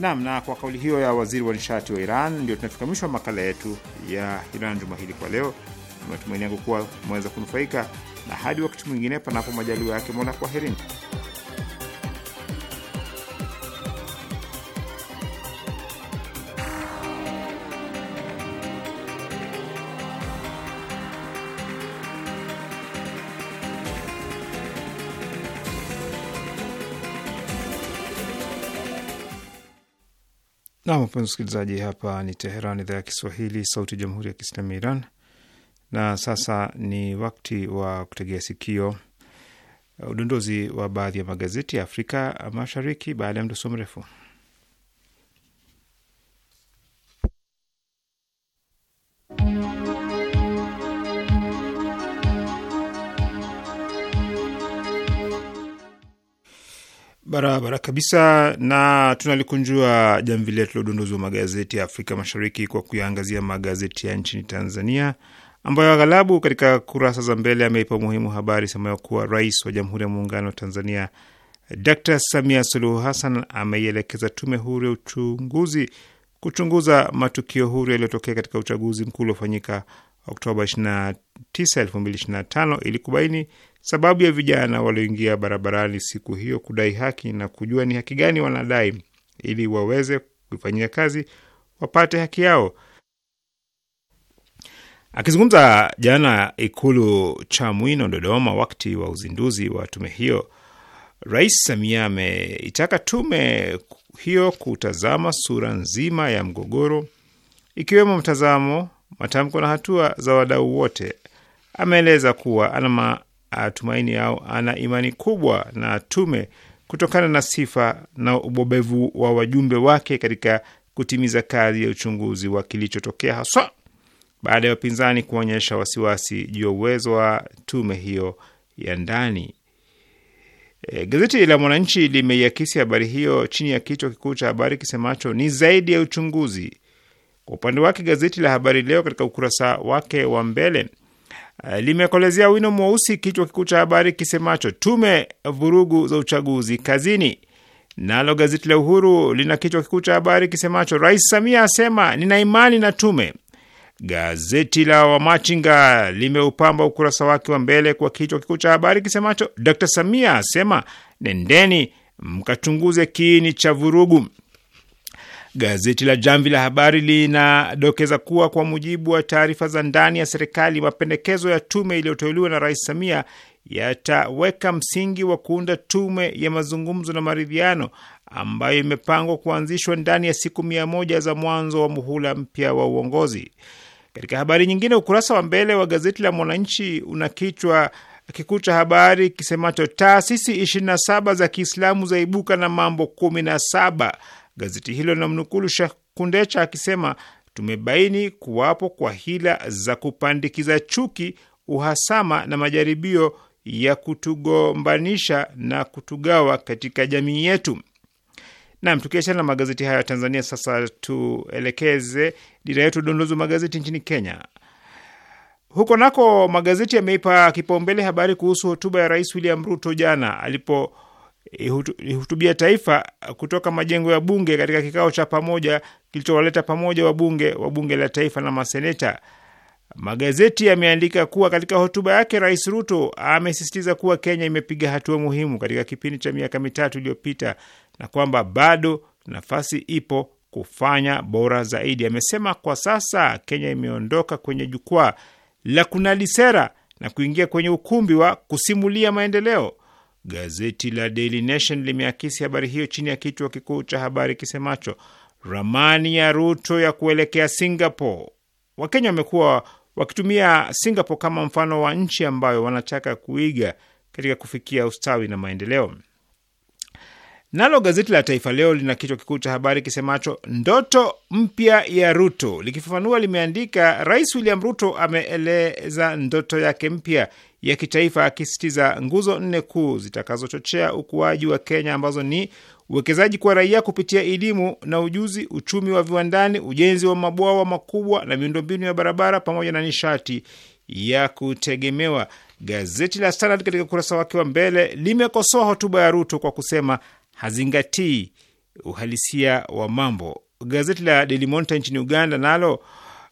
Nam, na kwa kauli hiyo ya waziri wa nishati wa Iran ndio wa makala yetu ya Iran juma hili kwa leo. Matumaini yangu kuwa umeweza kunufaika, na hadi wakati mwingine, panapo majaliwa yake Mola, kwaherini. Nam, wapenzi msikilizaji, hapa ni Teheran, idhaa ya Kiswahili, sauti ya jamhuri ya kiislamu ya Iran. Na sasa ni wakati wa kutegea sikio uh, udondozi wa baadhi ya magazeti ya Afrika Mashariki baada ya mdoso mrefu Barabara kabisa, na tunalikunjua jamvi letu la udondozi wa magazeti ya Afrika Mashariki kwa kuyaangazia magazeti ya nchini Tanzania, ambayo aghalabu katika kurasa za mbele ameipa umuhimu habari semayo kuwa Rais wa Jamhuri ya Muungano wa Tanzania Dr Samia Suluhu Hassan ameielekeza Tume Huru ya Uchunguzi kuchunguza matukio huru yaliyotokea katika uchaguzi mkuu uliofanyika Oktoba 29, 2025 ili kubaini Sababu ya vijana walioingia barabarani siku hiyo kudai haki na kujua ni haki gani wanadai ili waweze kuifanyia kazi wapate haki yao. Akizungumza jana Ikulu Chamwino, Dodoma, wakati wa uzinduzi wa tume hiyo, Rais Samia ameitaka tume hiyo kutazama sura nzima ya mgogoro, ikiwemo mtazamo, matamko na hatua za wadau wote. Ameeleza kuwa ana tumaini au ana imani kubwa na tume kutokana na sifa na ubobevu wa wajumbe wake katika kutimiza kazi ya uchunguzi wa kilichotokea haswa baada ya wapinzani kuonyesha wasiwasi juu ya uwezo wa tume hiyo ya ndani. E, gazeti la Mwananchi limeiakisi habari hiyo chini ya kichwa kikuu cha habari kisemacho ni zaidi ya uchunguzi. Kwa upande wake, gazeti la Habari Leo katika ukurasa wake wa mbele Eh, limekolezea wino mweusi kichwa kikuu cha habari kisemacho tume vurugu za uchaguzi kazini. Nalo gazeti la Uhuru lina kichwa kikuu cha habari kisemacho Rais Samia asema nina imani na tume. Gazeti la Wamachinga limeupamba ukurasa wake wa mbele kwa kichwa kikuu cha habari kisemacho Dr Samia asema nendeni mkachunguze kiini cha vurugu. Gazeti la Jamvi la Habari linadokeza kuwa kwa mujibu wa taarifa za ndani ya serikali, mapendekezo ya tume iliyoteuliwa na Rais Samia yataweka msingi wa kuunda tume ya mazungumzo na maridhiano ambayo imepangwa kuanzishwa ndani ya siku mia moja za mwanzo wa muhula mpya wa uongozi. Katika habari nyingine, ukurasa wa mbele wa gazeti la Mwananchi una kichwa kikuu cha habari kisemacho taasisi 27 za Kiislamu zaibuka na mambo 17 Gazeti hilo linamnukulu Sheikh Kundecha akisema tumebaini kuwapo kwa hila za kupandikiza chuki, uhasama na majaribio ya kutugombanisha na kutugawa katika jamii yetu. Nam, tukiachana na magazeti hayo ya Tanzania, sasa tuelekeze dira yetu dondozi wa magazeti nchini Kenya. Huko nako magazeti yameipa kipaumbele habari kuhusu hotuba ya Rais William Ruto jana alipo ihutubia eh, eh, taifa eh, kutoka majengo ya bunge katika kikao cha pamoja kilichowaleta pamoja wabunge wa bunge la taifa na maseneta. Magazeti yameandika kuwa katika hotuba yake, Rais Ruto amesisitiza kuwa Kenya imepiga hatua muhimu katika kipindi cha miaka mitatu iliyopita na kwamba bado nafasi ipo kufanya bora zaidi. Amesema kwa sasa Kenya imeondoka kwenye jukwaa la kunadi sera na kuingia kwenye ukumbi wa kusimulia maendeleo. Gazeti la Daily Nation limeakisi habari hiyo chini ya kichwa kikuu cha habari kisemacho ramani ya Ruto ya kuelekea Singapore. Wakenya wamekuwa wakitumia Singapore kama mfano wa nchi ambayo wanataka kuiga katika kufikia ustawi na maendeleo. Nalo gazeti la Taifa Leo lina kichwa kikuu cha habari kisemacho ndoto mpya ya Ruto. Likifafanua limeandika, Rais William Ruto ameeleza ndoto yake mpya ya kitaifa, akisisitiza nguzo nne kuu zitakazochochea ukuaji wa Kenya ambazo ni uwekezaji kwa raia kupitia elimu na ujuzi, uchumi wa viwandani, ujenzi wa mabwawa makubwa na miundombinu ya barabara, pamoja na nishati ya kutegemewa. Gazeti la Standard katika ukurasa wake wa mbele limekosoa hotuba ya Ruto kwa kusema hazingatii uhalisia wa mambo. Gazeti la Daily Monitor nchini Uganda nalo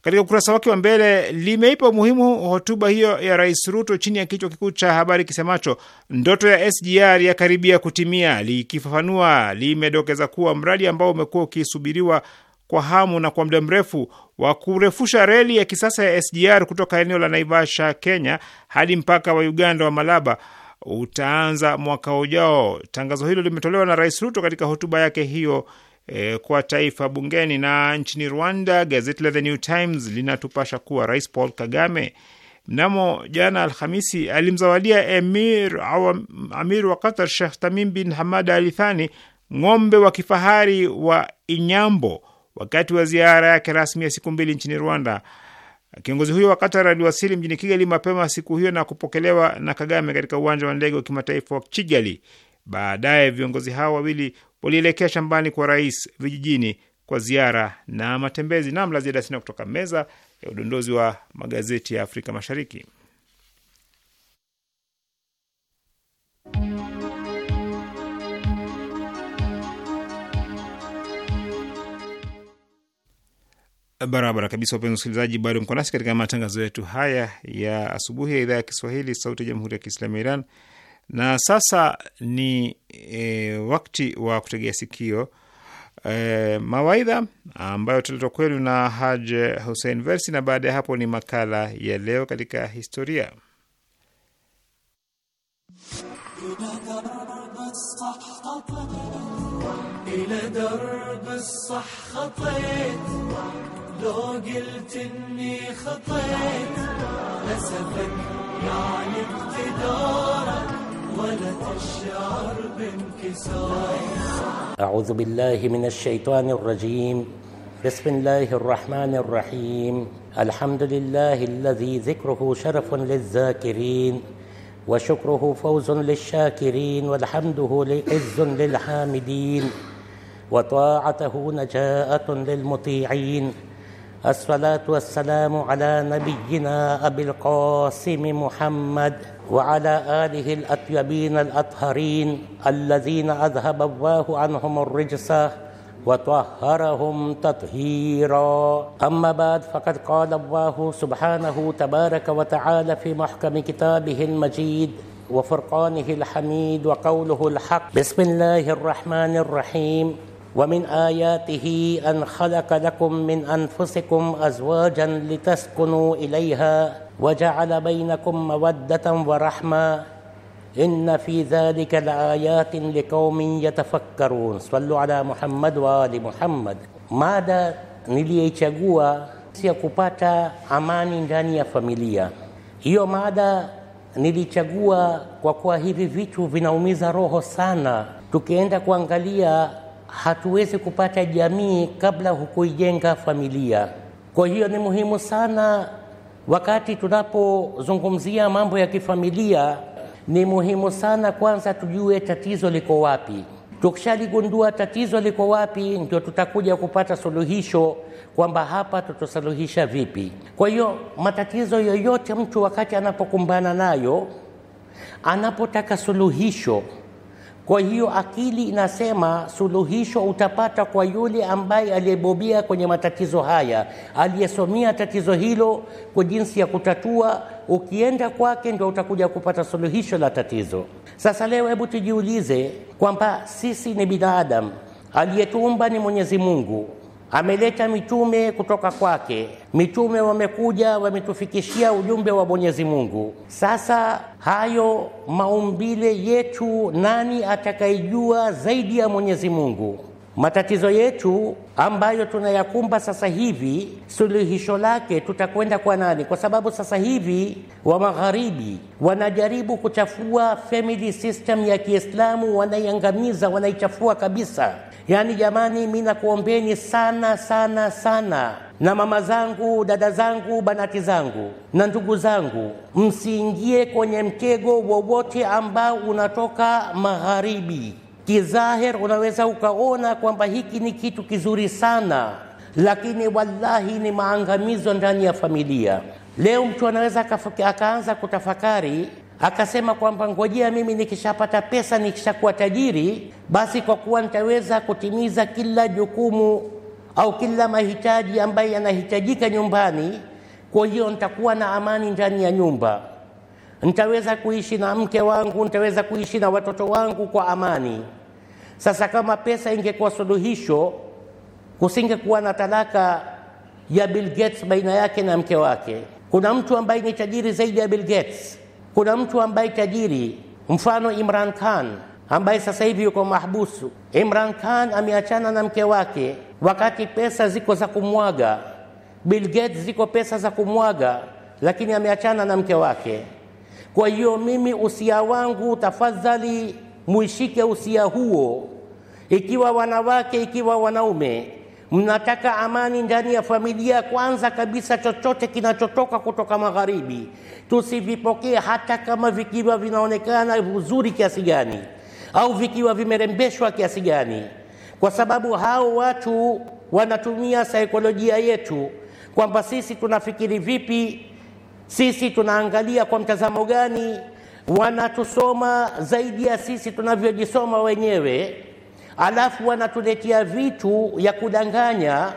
katika ukurasa wake wa mbele limeipa umuhimu hotuba hiyo ya Rais Ruto chini ya kichwa kikuu cha habari kisemacho ndoto ya SGR yakaribia kutimia. Likifafanua, limedokeza kuwa mradi ambao umekuwa ukisubiriwa kwa hamu na kwa muda mrefu wa kurefusha reli ya kisasa ya SGR kutoka eneo la Naivasha, Kenya hadi mpaka wa Uganda wa Malaba utaanza mwaka ujao. Tangazo hilo limetolewa na Rais Ruto katika hotuba yake hiyo e, kwa taifa bungeni. Na nchini Rwanda, gazeti la The New Times linatupasha kuwa Rais Paul Kagame mnamo jana Alhamisi alimzawadia emir au amir wa Qatar Sheikh Tamim bin Hamad Al Thani ng'ombe wa kifahari wa Inyambo wakati wa ziara yake rasmi ya siku mbili nchini Rwanda. Kiongozi huyo wa Qatar aliwasili mjini Kigali mapema siku hiyo na kupokelewa na Kagame katika uwanja wa ndege wa kimataifa wa Kigali. Baadaye viongozi hao wawili walielekea shambani kwa rais, vijijini kwa ziara na matembezi. Namla ziada sina kutoka meza ya udondozi wa magazeti ya Afrika Mashariki. Barabara kabisa, wapenzi wasikilizaji, bado mko nasi katika matangazo yetu haya ya asubuhi ya idhaa ya Kiswahili sauti ya jamhuri ya kiislamu ya Iran. Na sasa ni e, wakati wa kutegea sikio e, mawaidha ambayo taletwa kwenu na Haj Hussein Versi, na baada ya hapo ni makala ya leo katika historia لو قلت اني خطيت لسفك يعني اقتدارك ولا تشعر بانكسارك أعوذ بالله من الشيطان الرجيم بسم الله الرحمن الرحيم الحمد لله الذي ذكره شرف للذاكرين وشكره فوز للشاكرين والحمده عز للحامدين وطاعته نجاءة للمطيعين الصلاة والسلام على نبينا أبي القاسم محمد وعلى آله الأطيبين الأطهرين الذين أذهب الله عنهم الرجس وطهرهم تطهيرا أما بعد فقد قال الله سبحانه تبارك وتعالى في محكم كتابه المجيد وفرقانه الحميد وقوله الحق بسم الله الرحمن الرحيم ومن آياته أن خلق لكم من أنفسكم أزواجا لتسكنوا إليها وجعل بينكم مودة ورحمة إن في ذلك لآيات لقوم يتفكرون صلوا على محمد وآل محمد mada niliyoichagua si ya kupata amani ndani ya familia hiyo mada nilichagua kwa kuwa hivi vitu vinaumiza roho sana tukienda kuangalia hatuwezi kupata jamii kabla hukuijenga familia. Kwa hiyo ni muhimu sana wakati tunapozungumzia mambo ya kifamilia, ni muhimu sana kwanza tujue tatizo liko wapi. Tukishaligundua tatizo liko wapi, ndio tutakuja kupata suluhisho kwamba hapa tutasuluhisha vipi. Kwa hiyo matatizo yoyote mtu wakati anapokumbana nayo, anapotaka suluhisho kwa hiyo akili inasema suluhisho utapata kwa yule ambaye aliyebobea kwenye matatizo haya, aliyesomea tatizo hilo kwa jinsi ya kutatua. Ukienda kwake ndio utakuja kupata suluhisho la tatizo. Sasa leo, hebu tujiulize kwamba sisi ni binadamu, aliyetuumba ni Mwenyezi Mungu ameleta mitume kutoka kwake. Mitume wamekuja wametufikishia ujumbe wa Mwenyezi Mungu. Sasa hayo maumbile yetu, nani atakayejua zaidi ya Mwenyezi Mungu? Matatizo yetu ambayo tunayakumba sasa hivi, suluhisho lake tutakwenda kwa nani? Kwa sababu sasa hivi wa magharibi wanajaribu kuchafua family system ya Kiislamu, wanaiangamiza, wanaichafua kabisa. Yaani jamani, mi nakuombeni sana sana sana, na mama zangu, dada zangu, banati zangu na ndugu zangu, msiingie kwenye mtego wowote ambao unatoka magharibi. Kizahir unaweza ukaona kwamba hiki ni kitu kizuri sana, lakini wallahi ni maangamizo ndani ya familia. Leo mtu anaweza akaanza kutafakari Akasema kwamba ngojea, mimi nikishapata pesa, nikishakuwa tajiri, basi kwa kuwa nitaweza kutimiza kila jukumu au kila mahitaji ambayo yanahitajika nyumbani, kwa hiyo nitakuwa na amani ndani ya nyumba, nitaweza kuishi na mke wangu, nitaweza kuishi na watoto wangu kwa amani. Sasa kama pesa ingekuwa suluhisho, kusingekuwa na talaka ya Bill Gates baina yake na mke wake. Kuna mtu ambaye ni tajiri zaidi ya Bill Gates kuna mtu ambaye tajiri, mfano Imran Khan ambaye sasa hivi yuko mahbusu. Imran Khan ameachana na mke wake, wakati pesa ziko za kumwaga. Bill Gates ziko pesa za kumwaga, lakini ameachana na mke wake. Kwa hiyo mimi usia wangu, tafadhali muishike usia huo, ikiwa wanawake, ikiwa wanaume mnataka amani ndani ya familia. Kwanza kabisa, chochote kinachotoka kutoka magharibi tusivipokee, hata kama vikiwa vinaonekana vizuri kiasi gani au vikiwa vimerembeshwa kiasi gani, kwa sababu hao watu wanatumia saikolojia yetu kwamba sisi tunafikiri vipi, sisi tunaangalia kwa mtazamo gani, wanatusoma zaidi ya sisi tunavyojisoma wenyewe alafu wanatuletea vitu ya kudanganya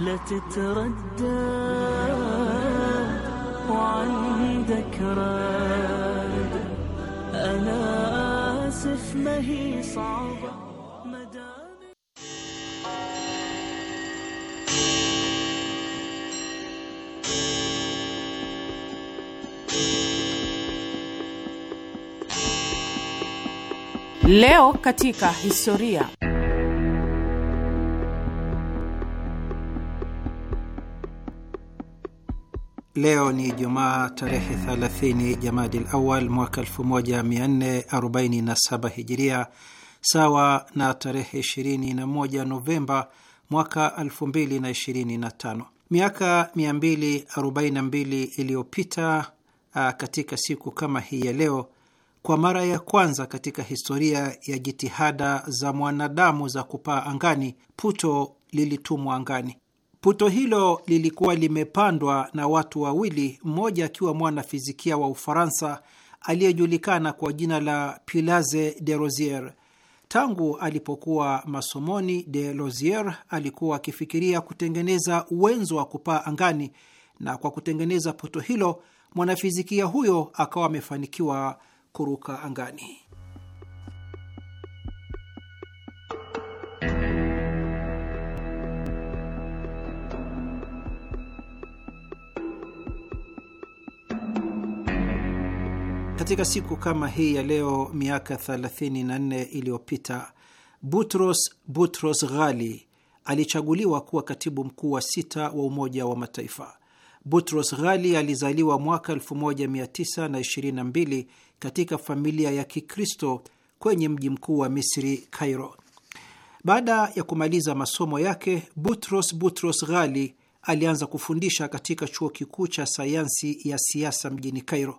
لا تتردى وعندك راد أنا آسف ما هي صعبة Leo katika historia. Leo ni Jumaa tarehe 30 Jamadil Awal mwaka 1447 Hijiria, sawa na tarehe 21 Novemba mwaka 2025. Miaka 242 iliyopita ah, katika siku kama hii ya leo kwa mara ya kwanza katika historia ya jitihada za mwanadamu za kupaa angani, puto lilitumwa angani. Puto hilo lilikuwa limepandwa na watu wawili, mmoja akiwa mwana fizikia wa Ufaransa aliyejulikana kwa jina la Pilaze de Rosier. Tangu alipokuwa masomoni, de Rosier alikuwa akifikiria kutengeneza uwenzo wa kupaa angani, na kwa kutengeneza puto hilo mwanafizikia huyo akawa amefanikiwa kuruka angani. Katika siku kama hii ya leo miaka 34 iliyopita Butros Butros Ghali alichaguliwa kuwa katibu mkuu wa sita wa Umoja wa Mataifa. Butros Ghali alizaliwa mwaka 1922 katika familia ya Kikristo kwenye mji mkuu wa Misri, Cairo. Baada ya kumaliza masomo yake, Butros Butros Ghali alianza kufundisha katika chuo kikuu cha sayansi ya siasa mjini Cairo.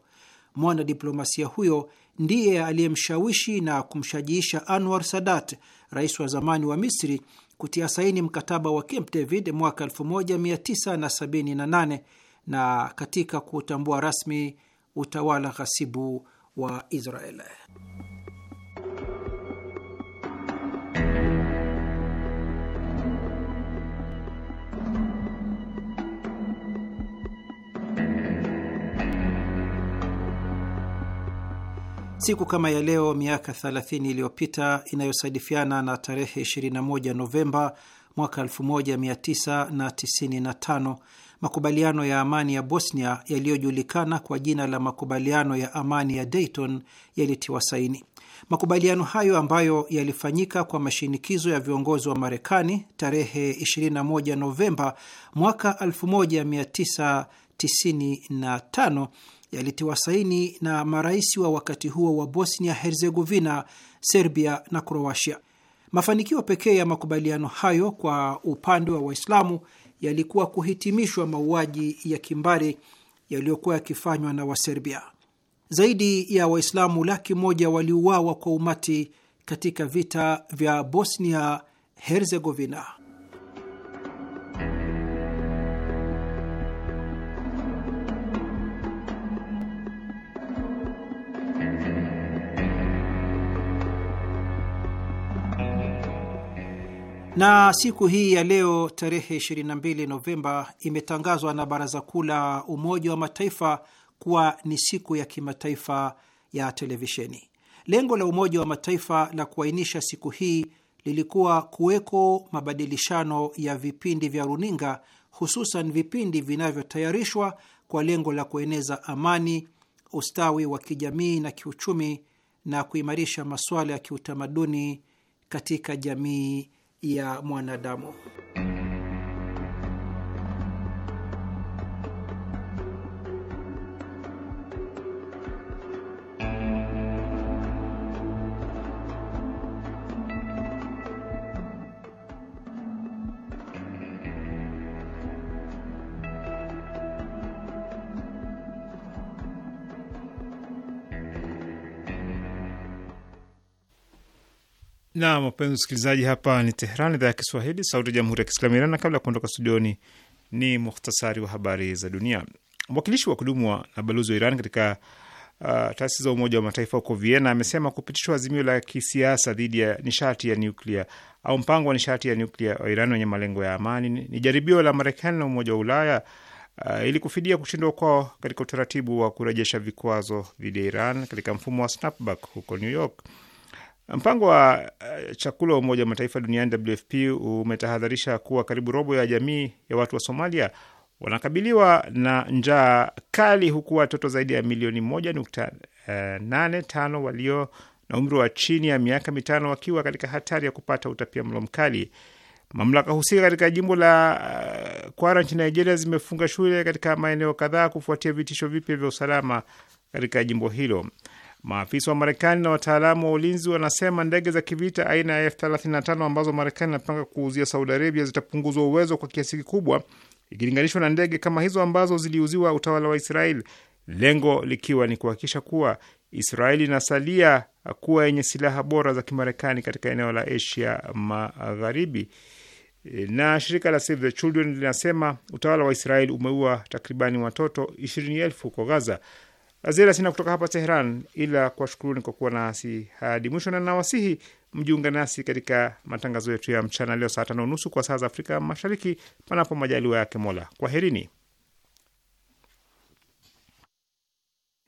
Mwana diplomasia huyo ndiye aliyemshawishi na kumshajiisha Anwar Sadat, rais wa zamani wa Misri, kutia saini mkataba wa Camp David mwaka 1978 na katika kutambua rasmi utawala ghasibu wa Israel. Siku kama ya leo miaka 30 iliyopita inayosadifiana na tarehe 21 Novemba mwaka 1995 makubaliano ya amani ya Bosnia yaliyojulikana kwa jina la makubaliano ya amani ya Dayton yalitiwa saini. Makubaliano hayo ambayo yalifanyika kwa mashinikizo ya viongozi wa Marekani tarehe 21 Novemba mwaka 1995 yalitiwa saini na marais wa wakati huo wa Bosnia Herzegovina, Serbia na Kroatia. Mafanikio pekee ya makubaliano hayo kwa upande wa Waislamu yalikuwa kuhitimishwa mauaji ya kimbari yaliyokuwa yakifanywa na Waserbia. Zaidi ya Waislamu laki moja waliuawa kwa umati katika vita vya Bosnia Herzegovina. Na siku hii ya leo tarehe 22 Novemba imetangazwa na Baraza Kuu la Umoja wa Mataifa kuwa ni siku ya kimataifa ya televisheni. Lengo la Umoja wa Mataifa la kuainisha siku hii lilikuwa kuweko mabadilishano ya vipindi vya runinga, hususan vipindi vinavyotayarishwa kwa lengo la kueneza amani, ustawi wa kijamii na kiuchumi na kuimarisha masuala ya kiutamaduni katika jamii ya mwanadamu. Na wapenzi msikilizaji, hapa ni Tehran, idhaa ya Kiswahili, sauti ya jamhuri ya kiislamu Iran. Na kabla ya kuondoka studioni, ni muhtasari wa habari za dunia. Mwakilishi wa kudumu na balozi wa Iran katika uh, taasisi za Umoja wa Mataifa huko Vienna amesema kupitishwa azimio la kisiasa dhidi ya nishati ya nuklia au mpango wa nishati ya nuklia wa Iran wenye malengo ya amani ni jaribio la Marekani na Umoja wa Ulaya Uh, ili kufidia kushindwa kwao katika utaratibu wa kurejesha vikwazo dhidi ya Iran katika mfumo wa snapback huko New York. Mpango wa eh, chakula wa Umoja wa Mataifa duniani WFP umetahadharisha kuwa karibu robo ya jamii ya watu wa Somalia wanakabiliwa na njaa kali, huku watoto zaidi ya milioni moja nukta eh, nane tano walio na umri wa chini ya miaka mitano wakiwa katika hatari ya kupata utapia mlo mkali. Mamlaka husika katika jimbo la eh, Kwara nchini Nigeria zimefunga shule katika maeneo kadhaa kufuatia vitisho vipya vya usalama katika jimbo hilo. Maafisa wa Marekani na wataalamu wa ulinzi wanasema ndege za kivita aina ya F35 ambazo Marekani inapanga kuuzia Saudi Arabia zitapunguzwa uwezo kwa kiasi kikubwa ikilinganishwa na ndege kama hizo ambazo ziliuziwa utawala wa Israeli, lengo likiwa ni kuhakikisha kuwa Israeli inasalia kuwa yenye silaha bora za Kimarekani katika eneo la Asia Magharibi. Na shirika la Save the Children linasema utawala wa Israeli umeua takribani watoto elfu huko Gaza. Azira sina kutoka hapa Teheran ila shukuruni kwa kuwa nasi hadi mwisho, na nawasihi mjiunga nasi katika matangazo yetu ya mchana leo saa tano unusu kwa saa za Afrika Mashariki, panapo majaliwa yake Mola. Kwaherini.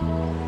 Thank you.